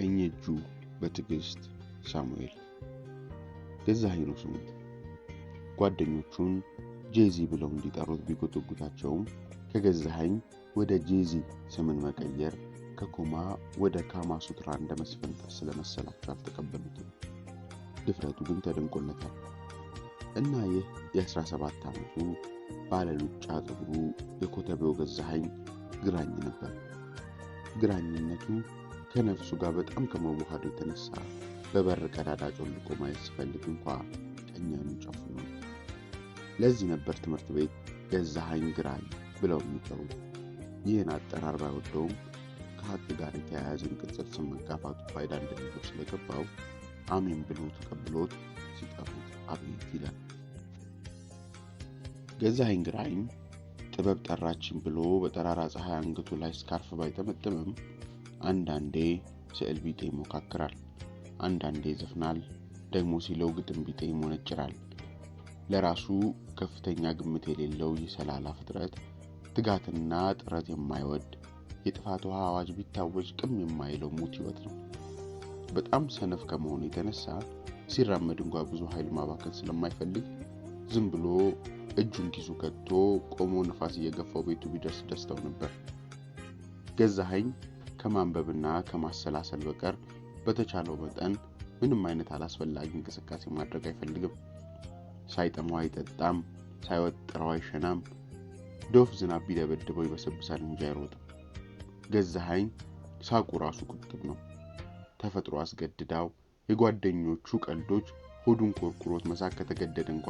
ቀኝ እጁ በትዕግስት ሳሙኤል ገዛኸኝ ነው ስሙ። ጓደኞቹን ጄዚ ብለው እንዲጠሩት ቢጎጥጉታቸውም ከገዛኸኝ ወደ ጄዚ ስምን መቀየር ከኮማ ወደ ካማ ሱትራ እንደ መስፈንጠር ስለመሰላቸው አልተቀበሉትም። ድፍረቱ ግን ተደንቆለታል እና ይህ የ17 ዓመቱ ባለሉጫ ፀጉሩ የኮተቤው ገዛኸኝ ግራኝ ነበር። ግራኝነቱ ከነፍሱ ጋር በጣም ከመዋሃዱ የተነሳ በበር ቀዳዳ ጮልቆ ማየት ሲፈልግ እንኳ ቀኝ አይኑን ጨፍኖ ነው። ለዚህ ነበር ትምህርት ቤት ገዛሀኝ ግራኝ ብለው የሚጠሩት። ይህን አጠራር ባይወደውም ከሀቅ ጋር የተያያዘን ቅጽል ስም መጋፋቱ ፋይዳ እንደሌለው ስለገባው አሜን ብሎ ተቀብሎት ሲጠሩት አቤት ይላል። ገዛሀኝ ግራኝ ጥበብ ጠራችን ብሎ በጠራራ ፀሐይ አንገቱ ላይ ስካርፍ ባይጠመጥምም አንዳንዴ ስዕል ቢጤ ይሞካክራል፣ አንዳንዴ ዘፍናል ደግሞ ሲለው ግጥም ቢጤ ይሞነጭራል። ለራሱ ከፍተኛ ግምት የሌለው የሰላላ ፍጥረት ትጋትና ጥረት የማይወድ የጥፋት ውሃ አዋጅ ቢታወጅ ቅም የማይለው ሙት ይወት ነው። በጣም ሰነፍ ከመሆኑ የተነሳ ሲራመድ እንኳ ብዙ ኃይል ማባከን ስለማይፈልግ ዝም ብሎ እጁን ኪሱ ከቶ ቆሞ ንፋስ እየገፋው ቤቱ ቢደርስ ደስተው ነበር። ገዛኸኝ ከማንበብና ከማሰላሰል በቀር በተቻለው መጠን ምንም አይነት አላስፈላጊ እንቅስቃሴ ማድረግ አይፈልግም። ሳይጠማው አይጠጣም፣ ሳይወጥረው አይሸናም። ዶፍ ዝናብ ቢደበድበው ይበሰብሳል እንጂ አይሮጥም። ገዛሀኝ ሳቁ ራሱ ቁጥብ ነው። ተፈጥሮ አስገድዳው የጓደኞቹ ቀልዶች ሆዱን ኮርኩሮት መሳቅ ከተገደደ እንኳ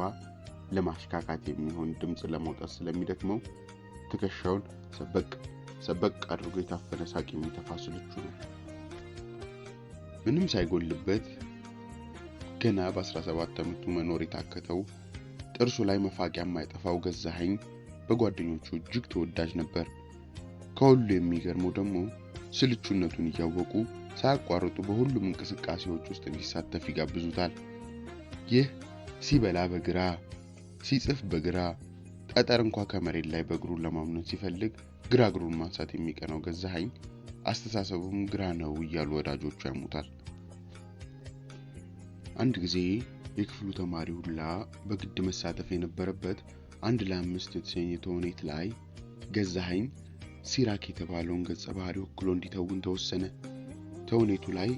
ለማሽካካት የሚሆን ድምፅ ለመውጠት ስለሚደክመው ትከሻውን ሰበቅ ሰበቅ አድርጎ የታፈነ ሳቅ የሚተፋ ስልቹ ነው። ምንም ሳይጎልበት ገና በ17 ዓመቱ መኖር የታከተው ጥርሱ ላይ መፋቂያ የማይጠፋው ገዛኸኝ በጓደኞቹ እጅግ ተወዳጅ ነበር። ከሁሉ የሚገርመው ደግሞ ስልቹነቱን እያወቁ ሳያቋርጡ በሁሉም እንቅስቃሴዎች ውስጥ እንዲሳተፍ ይጋብዙታል። ይህ ሲበላ በግራ ሲጽፍ በግራ ጠጠር እንኳ ከመሬት ላይ በእግሩ ለማምነት ሲፈልግ ግራ እግሩን ማንሳት የሚቀናው ገዛኸኝ አስተሳሰቡም ግራ ነው እያሉ ወዳጆቹ ያሙታል። አንድ ጊዜ የክፍሉ ተማሪ ሁላ በግድ መሳተፍ የነበረበት አንድ ለአምስት የተሰኘ ተውኔት ላይ ገዛሀኝ ሲራክ የተባለውን ገጸ ባህሪ ወክሎ እንዲተውን ተወሰነ። ተውኔቱ ላይ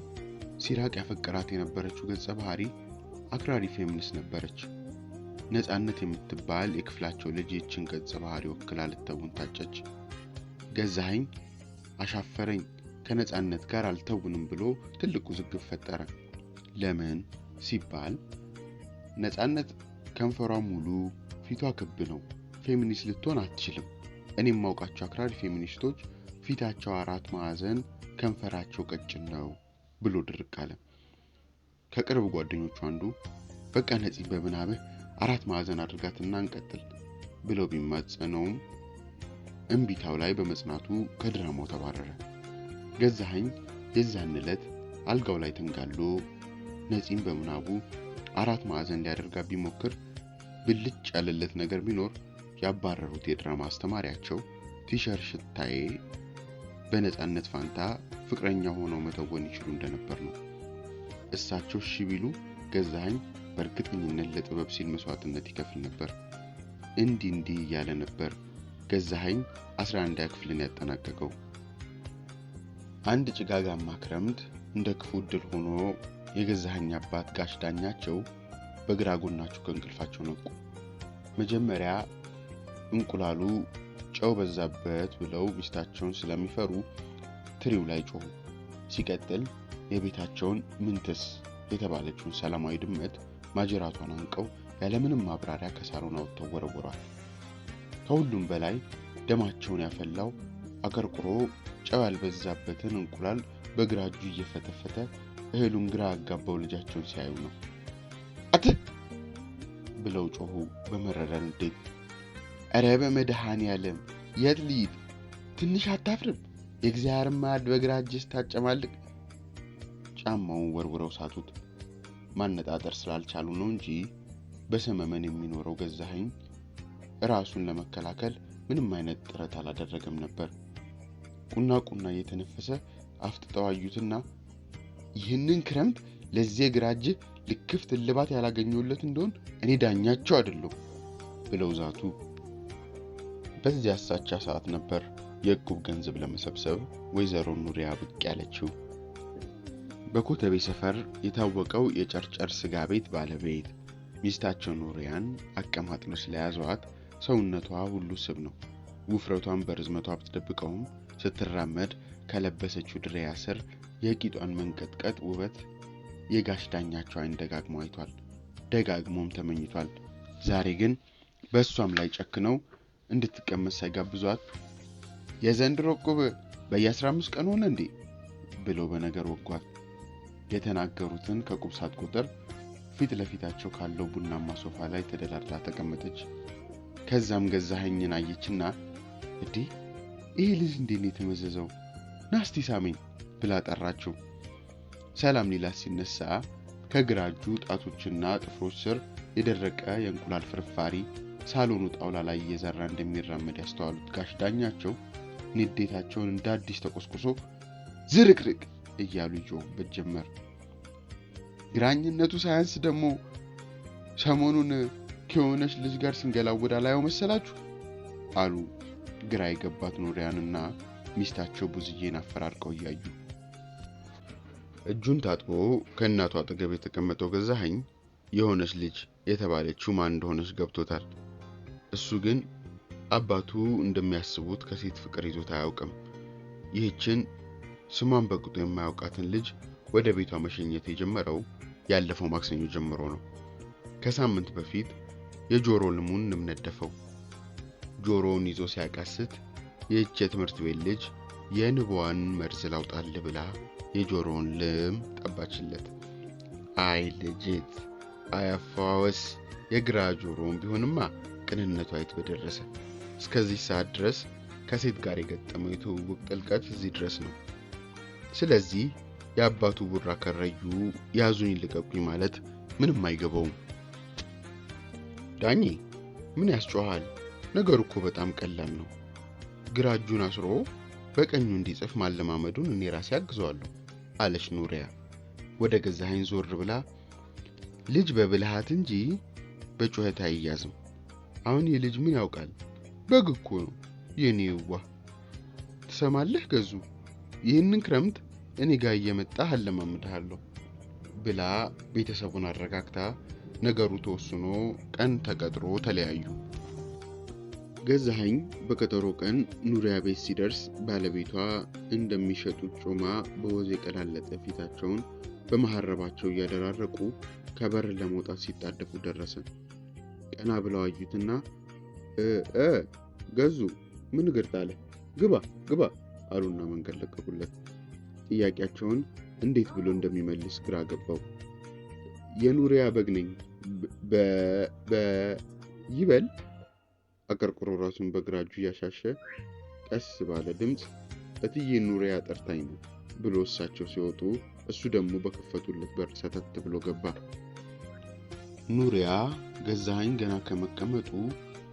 ሲራቅ ያፈቀራት የነበረችው ገጸ ባህሪ አክራሪ ፌምንስ ነበረች። ነፃነት የምትባል የክፍላቸው ልጅ ይህችን ገጸ ባህሪ ወክላ ልትተውን ታጨች። ገዛኸኝ አሻፈረኝ ከነፃነት ጋር አልተውንም ብሎ ትልቁ ውዝግብ ፈጠረ። ለምን ሲባል ነፃነት ከንፈሯ ሙሉ፣ ፊቷ ክብ ነው፣ ፌሚኒስት ልትሆን አትችልም። እኔም ማውቃቸው አክራሪ ፌሚኒስቶች ፊታቸው አራት ማዕዘን፣ ከንፈራቸው ቀጭን ነው ብሎ ድርቅ አለ። ከቅርብ ጓደኞቹ አንዱ በቃ ነፂ በምናብህ አራት ማዕዘን አድርጋትና እንቀጥል ብለው ቢማጸነውም እምቢታው ላይ በመጽናቱ ከድራማው ተባረረ። ገዛኸኝ የዛን ዕለት አልጋው ላይ ተንጋሎ ነፂን በምናቡ አራት ማዕዘን ሊያደርጋ ቢሞክር ብልጭ ያለለት ነገር ቢኖር ያባረሩት የድራማ አስተማሪያቸው ቲሸርሽታዬ በነፃነት ፋንታ ፍቅረኛ ሆነው መተወን ይችሉ እንደነበር ነው። እሳቸው እሺ ቢሉ ገዛኸኝ በእርግጠኝነት ለጥበብ ሲል መስዋዕትነት ይከፍል ነበር። እንዲህ እንዲህ እያለ ነበር ገዛኸኝ 11 ክፍልን ያጠናቀቀው። አንድ ጭጋጋማ ክረምት እንደ ክፉ ድል ሆኖ የገዛኸኝ አባት ጋሽ ዳኛቸው በግራ ጎናቸው ከእንቅልፋቸው ነቁ። መጀመሪያ እንቁላሉ ጨው በዛበት ብለው ሚስታቸውን ስለሚፈሩ ትሪው ላይ ጮሁ ሲቀጥል የቤታቸውን ምንትስ የተባለችውን ሰላማዊ ድመት ማጀራቷን አንቀው ያለምንም ማብራሪያ ከሳሎን አውጥተው ወረወሯል። ከሁሉም በላይ ደማቸውን ያፈላው አቀርቁሮ ጨው ያልበዛበትን እንቁላል በግራ እጁ እየፈተፈተ እህሉን ግራ ያጋባው ልጃቸውን ሲያዩ ነው። አት ብለው ጮሁ በመረራ ንዴት። እረ በመድሃን ያለም የት ልሂድ? ትንሽ አታፍርም? የእግዚአር ማድ በግራ እጅ ስታጨማልቅ። ጫማውን ወርውረው ሳቱት። ማነጣጠር ስላልቻሉ ነው እንጂ በሰመመን የሚኖረው ገዛኸኝ ራሱን ለመከላከል ምንም አይነት ጥረት አላደረገም ነበር። ቁና ቁና እየተነፈሰ አፍጥጠው አዩትና ይህንን ክረምት ለዚህ ግራጅ እጅ ልክፍት እልባት ያላገኘለት እንደሆን እኔ ዳኛቸው አይደለሁ ብለው ዛቱ። በዚህ አሳቻ ሰዓት ነበር የእቁብ ገንዘብ ለመሰብሰብ ወይዘሮ ኑሪያ ብቅ ያለችው። በኮተቤ ሰፈር የታወቀው የጨርጨር ስጋ ቤት ባለቤት ሚስታቸው ኑሪያን አቀማጥሎ ስለያዘዋት ሰውነቷ ሁሉ ስብ ነው። ውፍረቷን በርዝመቷ ብትደብቀውም ስትራመድ ከለበሰችው ድሬያ ስር የቂጧን መንቀጥቀጥ ውበት የጋሽ ዳኛቸው ደጋግሞ አይቷል፣ ደጋግሞም ተመኝቷል። ዛሬ ግን በእሷም ላይ ጨክነው እንድትቀመጥ ሳይጋብዟት የዘንድሮ ሮቁብ በየ15 ቀን ሆነ እንዴ ብሎ በነገር ወጓት። የተናገሩትን ከቁብ ቁጥር ፊት ለፊታቸው ካለው ቡናማ ሶፋ ላይ ተደላድላ ተቀመጠች። ከዛም ገዛኸኝን አየችና እዴ ይህ ልጅ እንዴት የተመዘዘው? ናስቲ ሳመኝ ብላ ጠራችው። ሰላም ሌላ ሲነሳ ከግራ እጁ ጣቶችና ጥፍሮች ስር የደረቀ የእንቁላል ፍርፋሪ ሳሎኑ ጣውላ ላይ እየዘራ እንደሚራመድ ያስተዋሉት ጋሽ ዳኛቸው ንዴታቸውን እንደ አዲስ ተቆስቁሶ ዝርቅርቅ እያሉ ይጮሁበት ጀመር። ግራኝነቱ ሳያንስ ደግሞ ሰሞኑን ከሆነች ልጅ ጋር ስንገላወዳ ላየው መሰላችሁ አሉ ግራ የገባት ኖሪያንና ሚስታቸው ብዙዬን አፈራርቀው እያዩ። እጁን ታጥቦ ከእናቱ አጠገብ የተቀመጠው ገዛኸኝ የሆነች ልጅ የተባለችው ማን እንደሆነች ገብቶታል። እሱ ግን አባቱ እንደሚያስቡት ከሴት ፍቅር ይዞት አያውቅም። ይህችን ስሟን በቅጡ የማያውቃትን ልጅ ወደ ቤቷ መሸኘት የጀመረው ያለፈው ማክሰኞ ጀምሮ ነው። ከሳምንት በፊት የጆሮ ልሙን ንምነደፈው ጆሮውን ይዞ ሲያቃስት ይህች የትምህርት ቤት ልጅ የንቧን መርዝ ላውጣል ብላ የጆሮውን ልም ጠባችለት። አይ ልጅት አያፋወስ የግራ ጆሮውን ቢሆንማ ቅንነቱ አይት በደረሰ። እስከዚህ ሰዓት ድረስ ከሴት ጋር የገጠመው የትውውቅ ጥልቀት እዚህ ድረስ ነው። ስለዚህ የአባቱ ቡራ ከረዩ ያዙኝ ልቀቁኝ ማለት ምንም አይገባውም። ዳኜ ምን ያስጮሃል? ነገሩ እኮ በጣም ቀላል ነው። ግራ እጁን አስሮ በቀኙ እንዲጽፍ ማለማመዱን እኔ ራሴ አግዘዋለሁ አለች ኑሪያ ወደ ገዛኸኝ ዞር ብላ። ልጅ በብልሃት እንጂ በጩኸት አይያዝም። አሁን ይህ ልጅ ምን ያውቃል? በግ እኮ ነው የኔ ዋ። ትሰማለህ ገዙ፣ ይህንን ክረምት እኔ ጋር እየመጣህ አለማምድሃለሁ ብላ ቤተሰቡን አረጋግታ ነገሩ ተወስኖ ቀን ተቀጥሮ ተለያዩ። ገዛኸኝ በቀጠሮ ቀን ኑሪያ ቤት ሲደርስ ባለቤቷ እንደሚሸጡት ጮማ በወዝ የቀላለጠ ፊታቸውን በመሀረባቸው እያደራረቁ ከበር ለመውጣት ሲጣደፉ ደረሰን። ቀና ብለው አዩትና እ ገዙ ምን ግርጥ አለ ግባ ግባ አሉና መንገድ ለቀቁለት። ጥያቄያቸውን እንዴት ብሎ እንደሚመልስ ግራ ገባው። የኑሪያ በግ ነኝ በይበል አቀርቅሮ ራሱን በግራ እጁ እያሻሸ ቀስ ባለ ድምፅ እትዬ ኑሪያ አጠርታኝ ነው ብሎ እሳቸው ሲወጡ እሱ ደግሞ በከፈቱለት በር ሰተት ብሎ ገባ። ኑሪያ ገዛኸኝ ገና ከመቀመጡ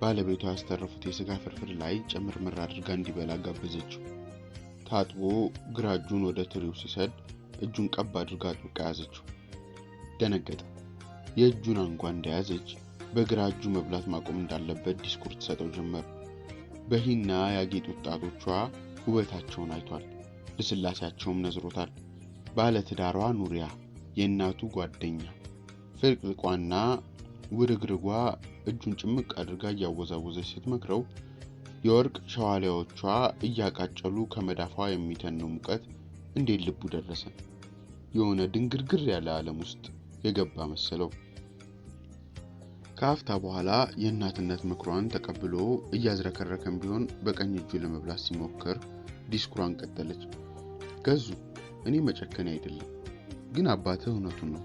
ባለቤቷ ያስተረፉት የሥጋ ፍርፍር ላይ ጨምርምር አድርጋ እንዲበላ ጋበዘችው። ታጥቦ ግራ እጁን ወደ ትሪው ሲሰድ እጁን ቀብ አድርጋ አጥብቃ ያዘችው። ደነገጠ። የእጁን አንኳ እንደያዘች በግራ እጁ መብላት ማቆም እንዳለበት ዲስኩር ትሰጠው ጀመር። በሂና ያጌጡት ጣቶቿ ውበታቸውን አይቷል፣ ልስላሴያቸውም ነዝሮታል። ባለትዳሯ ኑሪያ የእናቱ ጓደኛ ፍርቅልቋና ውርግርጓ እጁን ጭምቅ አድርጋ እያወዛወዘች ስትመክረው የወርቅ ሸዋሊያዎቿ እያቃጨሉ ከመዳፏ የሚተነው ሙቀት እንዴት ልቡ ደረሰ! የሆነ ድንግርግር ያለ ዓለም ውስጥ የገባ መሰለው። ከአፍታ በኋላ የእናትነት ምክሯን ተቀብሎ እያዝረከረከም ቢሆን በቀኝ እጁ ለመብላት ሲሞክር ዲስኩሯን ቀጠለች። ገዙ እኔ መጨከን አይደለም ግን አባትህ እውነቱን ነው።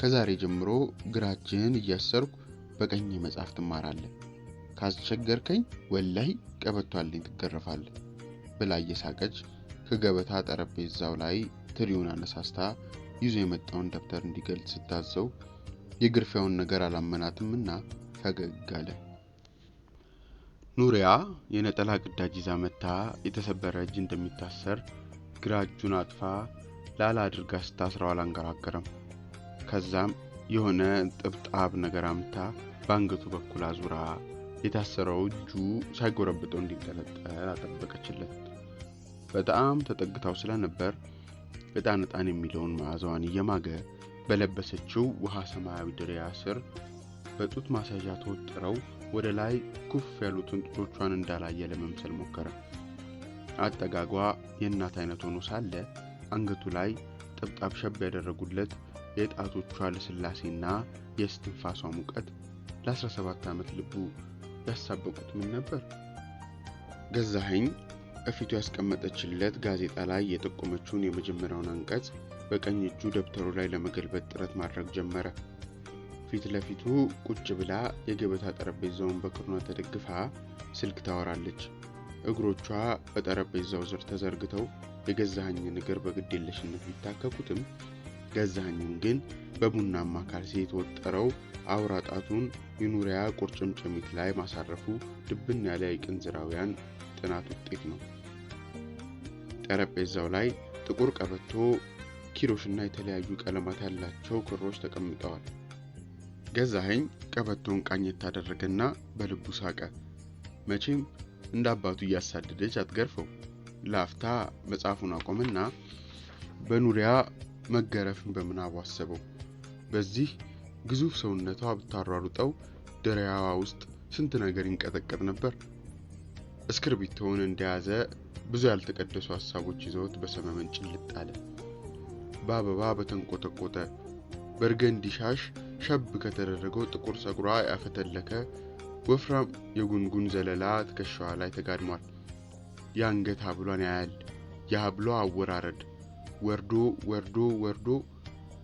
ከዛሬ ጀምሮ ግራችህን እያሰርኩ በቀኝ መጽሐፍ ትማራለን። ካስቸገርከኝ ወላይ ቀበቷልኝ ትገረፋለን ብላ እየሳቀች ከገበታ ጠረጴዛው ላይ ትሪውን አነሳስታ ይዞ የመጣውን ደብተር እንዲገልጽ ስታዘው የግርፊያውን ነገር አላመናትም እና ፈገግ አለ። ኑሪያ የነጠላ ቅዳጅ ይዛ መታ የተሰበረ እጅ እንደሚታሰር ግራ እጁን አጥፋ ላላ አድርጋ ስታስረው አላንገራገረም። ከዛም የሆነ ጥብጣብ ነገር አምታ በአንገቱ በኩል አዙራ የታሰረው እጁ ሳይጎረብጠው እንዲንጠለጠል አጠበቀችለት። በጣም ተጠግታው ስለነበር ዕጣን ዕጣን የሚለውን መዓዛዋን እየማገ በለበሰችው ውሃ ሰማያዊ ድሪያ ስር በጡት ማሳዣ ተወጥረው ወደ ላይ ኩፍ ያሉትን ጡቶቿን እንዳላየ ለመምሰል ሞከረ። አጠጋጓ የእናት አይነት ሆኖ ሳለ አንገቱ ላይ ጥብጣብ ሸብ ያደረጉለት የጣቶቿ ልስላሴና የስትንፋሷ ሙቀት ለ17 ዓመት ልቡ ያሳበቁት ምን ነበር? ገዛኸኝ ከፊቱ ያስቀመጠችለት ጋዜጣ ላይ የጠቆመችውን የመጀመሪያውን አንቀጽ በቀኝ እጁ ደብተሩ ላይ ለመገልበጥ ጥረት ማድረግ ጀመረ። ፊት ለፊቱ ቁጭ ብላ የገበታ ጠረጴዛውን በክርኗ ተደግፋ ስልክ ታወራለች። እግሮቿ በጠረጴዛው ስር ተዘርግተው የገዛሃኝን እግር የለሽነት ቢታከኩትም ገዛሃኝን ግን በቡናማ ካልሲ የተወጠረው አውራ ጣቱን የኑሪያ ቁርጭምጭሚት ላይ ማሳረፉ ድብን ያለ የቅንዝራውያን ጥናት ውጤት ነው። ጠረጴዛው ላይ ጥቁር ቀበቶ፣ እና የተለያዩ ቀለማት ያላቸው ክሮች ተቀምጠዋል። ገዛኸኝ ቀበቶን ቃኘት አደረገና በልቡ ሳቀ። መቼም እንደ አባቱ እያሳደደች አትገርፈው። ለአፍታ መጽሐፉን አቆመና በኑሪያ መገረፍን በምናቡ አሰበው። በዚህ ግዙፍ ሰውነቷ ብታሯሩጠው ደሪያዋ ውስጥ ስንት ነገር ይንቀጠቀጥ ነበር። እስክርቢቶውን እንደያዘ ብዙ ያልተቀደሱ ሐሳቦች ይዘውት በሰመመን ጭልጥ አለ። በአበባ በተንቆጠቆጠ በርገንዲ ሻሽ ሸብ ከተደረገው ጥቁር ጸጉሯ ያፈተለከ ወፍራም የጉንጉን ዘለላ ትከሻዋ ላይ ተጋድሟል። የአንገት ሐብሏን ያያል። የሐብሏ አወራረድ ወርዶ ወርዶ ወርዶ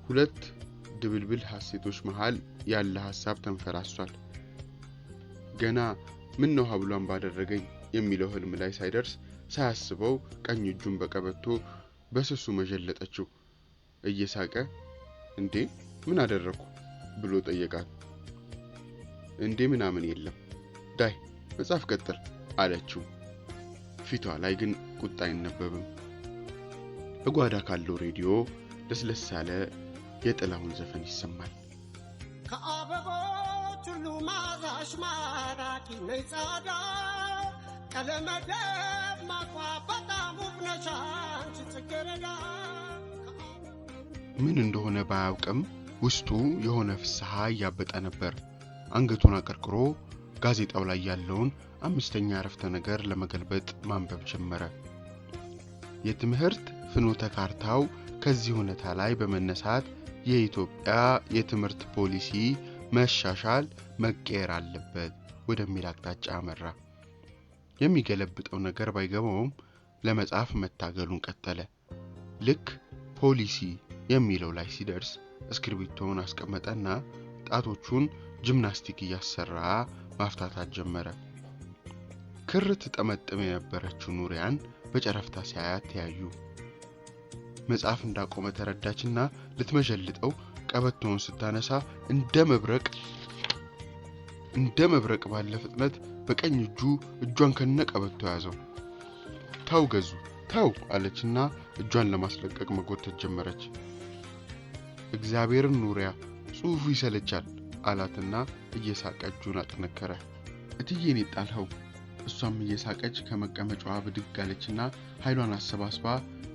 ሁለት ድብልብል ሐሴቶች መሃል ያለ ሐሳብ ተንፈላሷል። ገና ምን ነው ሐብሏን ባደረገኝ የሚለው ህልም ላይ ሳይደርስ ሳያስበው ቀኝ እጁን በቀበቶ በስሱ መጀለጠችው እየሳቀ እንዴ ምን አደረግኩ ብሎ ጠየቃት። እንዴ ምናምን የለም ዳይ መጽሐፍ ቀጥል አለችው። ፊቷ ላይ ግን ቁጣ አይነበብም። በጓዳ ካለው ሬዲዮ ለስለስ ያለ የጥላሁን ዘፈን ይሰማል። ከአበቦች ሁሉ ማዛሽ ማራኪ ነይ በጣም ውብ ነሽ አንቺ ጽጌረዳ። ምን እንደሆነ ባያውቅም ውስጡ የሆነ ፍስሐ እያበጠ ነበር። አንገቱን አቀርቅሮ ጋዜጣው ላይ ያለውን አምስተኛ አረፍተ ነገር ለመገልበጥ ማንበብ ጀመረ። የትምህርት ፍኖተ ካርታው ከዚህ ሁኔታ ላይ በመነሳት የኢትዮጵያ የትምህርት ፖሊሲ መሻሻል መቀየር አለበት ወደሚል አቅጣጫ አመራ። የሚገለብጠው ነገር ባይገባውም ለመጻፍ መታገሉን ቀጠለ። ልክ ፖሊሲ የሚለው ላይ ሲደርስ እስክሪብቶውን አስቀመጠና ጣቶቹን ጂምናስቲክ እያሰራ ማፍታታት ጀመረ። ክር ትጠመጥም የነበረችው ኑሪያን በጨረፍታ ሲያያት ተያዩ። መጽሐፍ እንዳቆመ ተረዳችና ልትመዠልጠው ቀበቶውን ስታነሳ እንደ መብረቅ እንደ መብረቅ ባለ ፍጥነት በቀኝ እጁ እጇን ከነቀበቶ ያዘው። ተው ገዙ ተው አለችና እጇን ለማስለቀቅ መጎተት ጀመረች። እግዚአብሔርን ኑሪያ ጽሑፉ ይሰለቻል አላትና እየሳቀ እጁን አጠነከረ። እትዬን ይጣልኸው እሷም እየሳቀች ከመቀመጫዋ ብድግ አለችና ኃይሏን አሰባስባ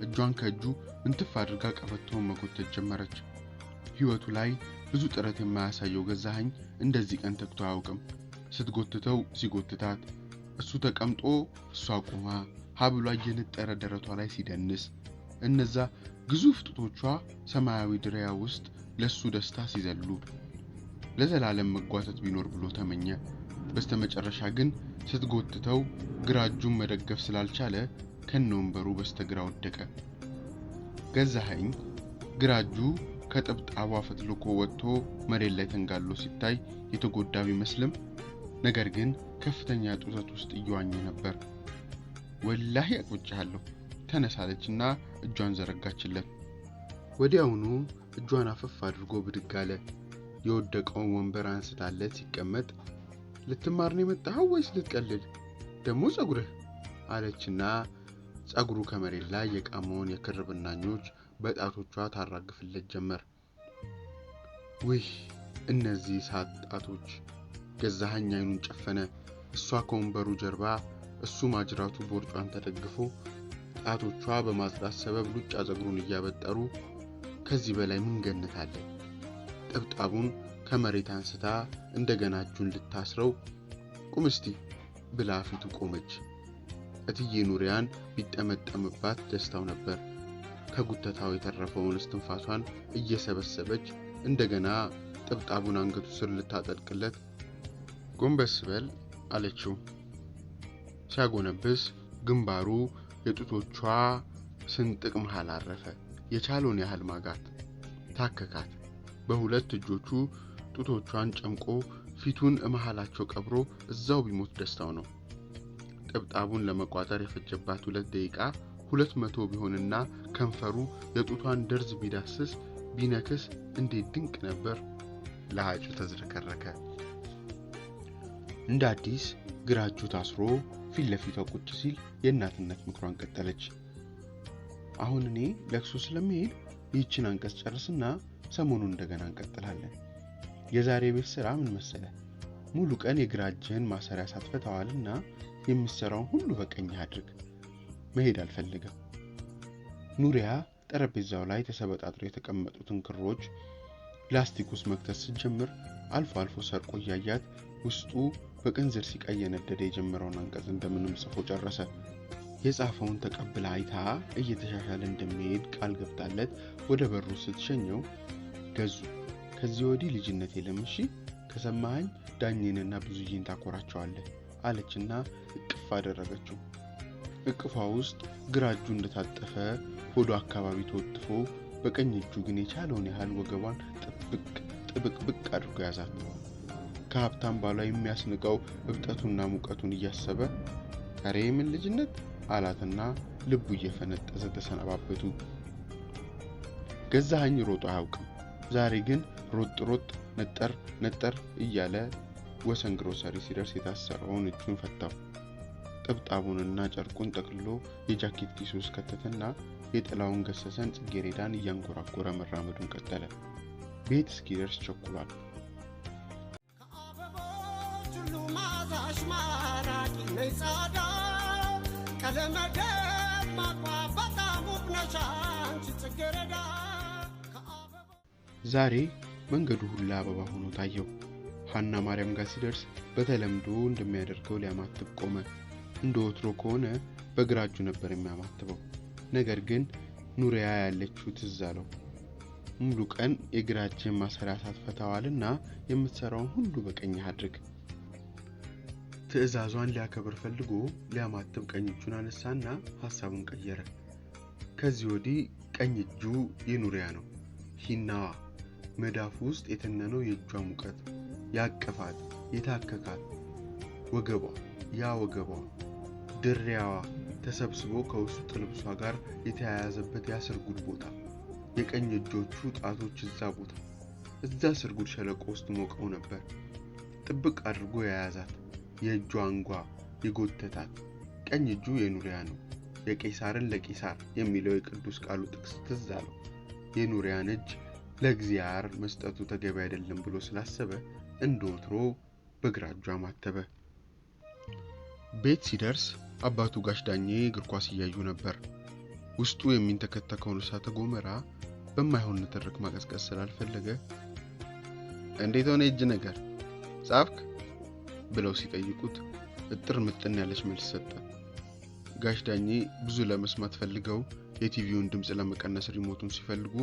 እጇን ከእጁ እንትፍ አድርጋ ቀበቶውን መጎተት ጀመረች። ሕይወቱ ላይ ብዙ ጥረት የማያሳየው ገዛኸኝ እንደዚህ ቀን ተግቶ አያውቅም። ስትጎትተው ሲጎትታት እሱ ተቀምጦ እሷ ቆማ ሀብሏ እየነጠረ ደረቷ ላይ ሲደንስ እነዛ ግዙፍ ጡቶቿ ሰማያዊ ድሪያ ውስጥ ለሱ ደስታ ሲዘሉ ለዘላለም መጓተት ቢኖር ብሎ ተመኘ። በስተመጨረሻ ግን ስትጎትተው ግራ እጁን መደገፍ ስላልቻለ ከነ ወንበሩ በስተግራ ወደቀ። ገዛኸኝ ግራ እጁ ከጥብጣቧ ፈትልኮ ወጥቶ መሬት ላይ ተንጋሎ ሲታይ የተጎዳ ቢመስልም ነገር ግን ከፍተኛ ጡዘት ውስጥ እየዋኘ ነበር። ወላሂ አቅብጬሃለሁ ተነሳለችና እጇን ዘረጋችለት። ወዲያውኑ እጇን አፈፍ አድርጎ ብድግ አለ። የወደቀውን ወንበር አንስታለት ሲቀመጥ ልትማር ነው የመጣኸው ወይስ ልትቀልድ? ደግሞ ጸጉርህ አለችና ጸጉሩ ከመሬት ላይ የቃመውን የክር ብናኞች በጣቶቿ ታራግፍለት ጀመር። ውይ እነዚህ ሳት ጣቶች! ገዛኸኝ አይኑን ጨፈነ። እሷ ከወንበሩ ጀርባ፣ እሱ ማጅራቱ ቦርጯን ተደግፎ ጣቶቿ በማጽዳት ሰበብ ሉጫ ፀጉሩን እያበጠሩ ከዚህ በላይ ምን ገነት አለ? ጠብጣቡን ከመሬት አንስታ እንደገና እጁን ልታስረው ቁም እስቲ ብላ ፊቱ ቆመች። እትዬ ኑሪያን ቢጠመጠምባት ደስታው ነበር። ከጉተታው የተረፈውን እስትንፋሷን እየሰበሰበች እንደገና ጥብጣቡን አንገቱ ስር ልታጠልቅለት ጎንበስ በል አለችው። ሲያጎነብስ ግንባሩ የጡቶቿ ስንጥቅ መሃል አረፈ። የቻለውን ያህል ማጋት ታከካት። በሁለት እጆቹ ጡቶቿን ጨምቆ ፊቱን እመሃላቸው ቀብሮ እዛው ቢሞት ደስታው ነው። ጥብጣቡን ለመቋጠር የፈጀባት ሁለት ደቂቃ ሁለት መቶ ቢሆንና ከንፈሩ የጡቷን ደርዝ ቢዳስስ ቢነክስ እንዴት ድንቅ ነበር! ለሀጩ ተዝረከረከ። እንደ አዲስ ግራ እጁ ታስሮ ፊት ለፊቷ ቁጭ ሲል የእናትነት ምክሯን ቀጠለች። አሁን እኔ ለቅሶ ስለምሄድ ይህችን አንቀጽ ጨርስና ሰሞኑን እንደገና እንቀጥላለን። የዛሬ ቤት ስራ ምን መሰለ? ሙሉ ቀን የግራ እጅህን ማሰሪያ ሳትፈታዋልና የምትሰራውን ሁሉ በቀኝ አድርግ። መሄድ አልፈልግም። ኑሪያ ጠረጴዛው ላይ ተሰበጣጥረው የተቀመጡትን ክሮች ላስቲክ ውስጥ መክተት ስትጀምር አልፎ አልፎ ሰርቆ እያያት ውስጡ በቅንዝር ሲቃ የነደደ የጀመረውን አንቀጽ እንደምንም ጽፎ ጨረሰ። የጻፈውን ተቀብላ አይታ እየተሻሻለ እንደሚሄድ ቃል ገብታለት ወደ በሩ ስትሸኘው ገዙ ከዚህ ወዲህ ልጅነት የለም እሺ ከሰማኸኝ ዳኜንና ብዙዬን ታኮራቸዋለህ አለችና እቅፍ አደረገችው። እቅፏ ውስጥ ግራ እጁ እንደታጠፈ ሆዶ አካባቢ ተወጥፎ በቀኝ እጁ ግን የቻለውን ያህል ወገቧን ጥብቅ ጥብቅብቅ አድርጎ ያዛት። ከሀብታም ባሏ የሚያስንቀው እብጠቱና ሙቀቱን እያሰበ እረ የምን ልጅነት አላትና ልቡ እየፈነጠዘ ተሰነባበቱ። ገዛኸኝ ሮጦ አያውቅም። ዛሬ ግን ሮጥ ሮጥ ነጠር ነጠር እያለ ወሰን ግሮሰሪ ሲደርስ የታሰረውን እጁን ፈታው። ጥብጣቡንና ጨርቁን ጠቅልሎ የጃኬት ኪሱ ውስጥ ከተተና የጥላውን ገሰሰን ጽጌሬዳን እያንጎራጎረ መራመዱን ቀጠለ። ቤት እስኪደርስ ቸኩሏል። ዛሬ መንገዱ ሁላ አበባ ሆኖ ታየው። ሐና ማርያም ጋር ሲደርስ በተለምዶ እንደሚያደርገው ሊያማትብ ቆመ። እንደ ወትሮ ከሆነ በግራ እጁ ነበር የሚያማትበው። ነገር ግን ኑሪያ ያለችው ትዝ ሙሉ ቀን የግራ እጅን ማሰሪያ ሳትፈታዋልና የምትሠራውን ሁሉ በቀኝህ አድርግ ትዕዛዟን ሊያከብር ፈልጎ ሊያማትብ ቀኝ እጁን አነሳና ሐሳቡን ቀየረ። ከዚህ ወዲህ ቀኝ እጁ የኑሪያ ነው፣ ሂናዋ መዳፉ ውስጥ የተነነው የእጇ ሙቀት ያቀፋት፣ የታከካት ወገቧ፣ ያ ወገቧ ድሪያዋ ተሰብስቦ ከውስጥ ልብሷ ጋር የተያያዘበት ያ ስርጉድ ቦታ፣ የቀኝ እጆቹ ጣቶች እዛ ቦታ እዛ ስርጉድ ሸለቆ ውስጥ ሞቀው ነበር። ጥብቅ አድርጎ የያዛት የእጁ አንጓ ይጎተታል። ቀኝ እጁ የኑሪያ ነው። የቄሳርን ለቄሳር የሚለው የቅዱስ ቃሉ ጥቅስ ትዝ አለው። የኑሪያን እጅ ለእግዚአር መስጠቱ ተገቢ አይደለም ብሎ ስላሰበ እንደ ወትሮ በግራ እጇ ማተበ። ቤት ሲደርስ አባቱ ጋሽ ዳኜ እግር ኳስ እያዩ ነበር። ውስጡ የሚንተከተከውን እሳተ ጎመራ በማይሆን ንትርክ ማቀዝቀዝ ስላልፈለገ እንዴት ሆነ የእጅ ነገር ጻፍክ? ብለው ሲጠይቁት እጥር ምጥን ያለች መልስ ሰጠ። ጋሽ ዳኜ ብዙ ለመስማት ፈልገው የቲቪውን ድምፅ ለመቀነስ ሪሞቱን ሲፈልጉ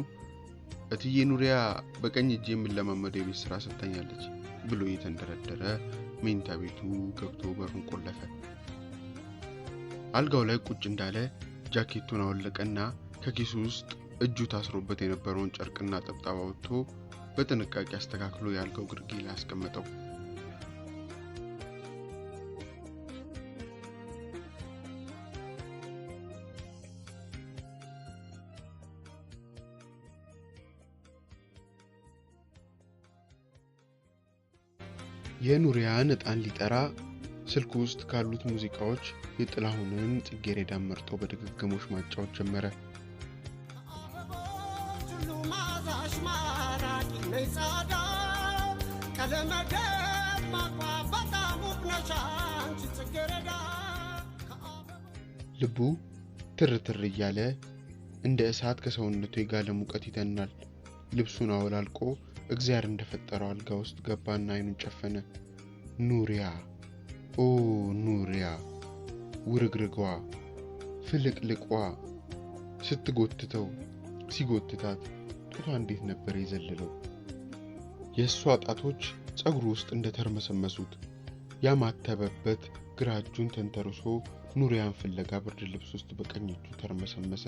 እትዬ ኑሪያ በቀኝ እጅ የምንለማመደው የቤት ስራ ሰጥታኛለች ብሎ እየተንደረደረ መኝታ ቤቱ ገብቶ በሩን ቆለፈ። አልጋው ላይ ቁጭ እንዳለ ጃኬቱን አወለቀና ከኪሱ ውስጥ እጁ ታስሮበት የነበረውን ጨርቅና ጠብጣብ አውጥቶ በጥንቃቄ አስተካክሎ የአልጋው ግርጌ ላይ አስቀመጠው። የኑሪያን ዕጣን ሊጠራ ስልክ ውስጥ ካሉት ሙዚቃዎች የጥላሁንን ጽጌረዳን መርጦ በድግግሞሽ ማጫወት ጀመረ። ልቡ ትርትር እያለ እንደ እሳት ከሰውነቱ የጋለ ሙቀት ይተናል። ልብሱን አወላልቆ እግዚአብሔር እንደፈጠረው አልጋ ውስጥ ገባና አይኑን ጨፈነ። ኑሪያ ኦ ኑሪያ፣ ውርግርጓ፣ ፍልቅልቋ ስትጎትተው ሲጎትታት ጡቷ እንዴት ነበር የዘለለው! የእሷ ጣቶች ጸጉሩ ውስጥ እንደተርመሰመሱት ያማተበበት ግራ እጁን ተንተርሶ ኑሪያን ፍለጋ ብርድ ልብስ ውስጥ በቀኝ እጁ ተርመሰመሰ።